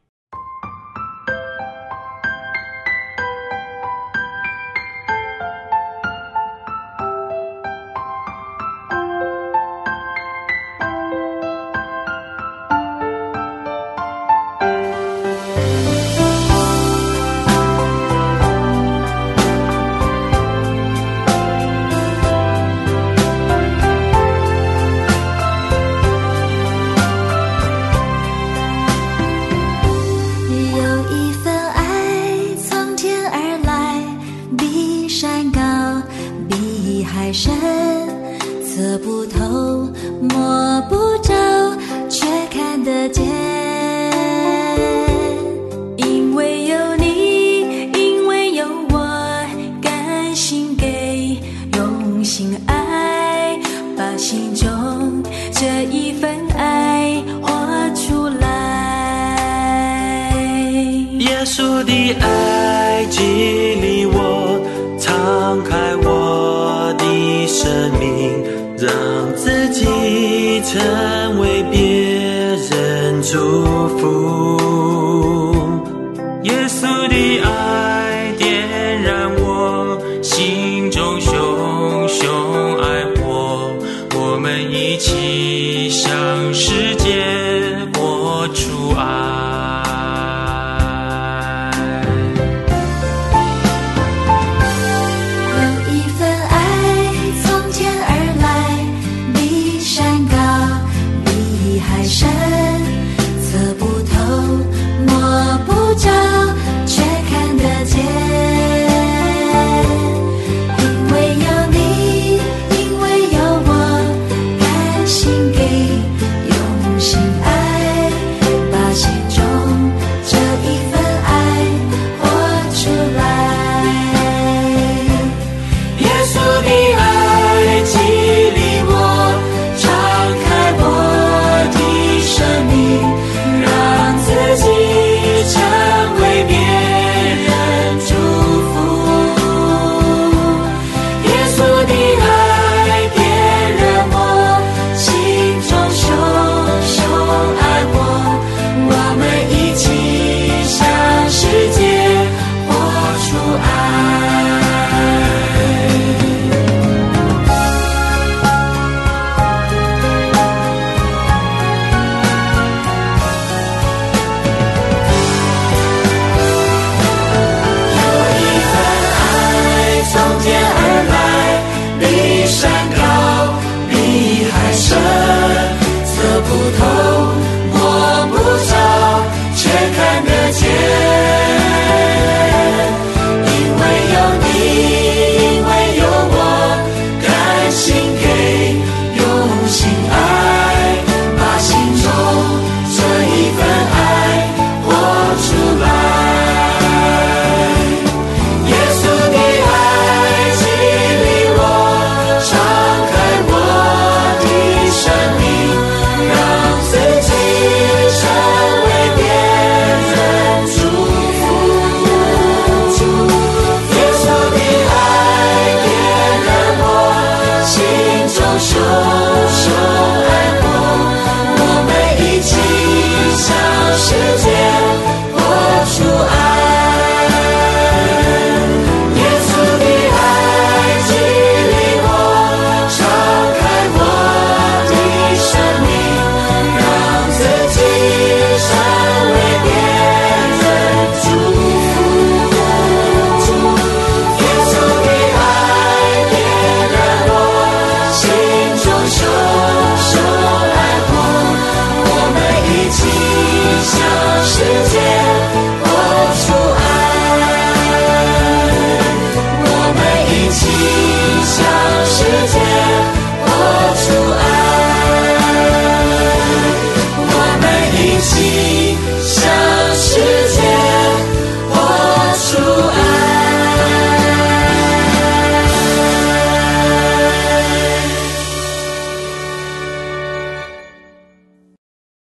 祝福。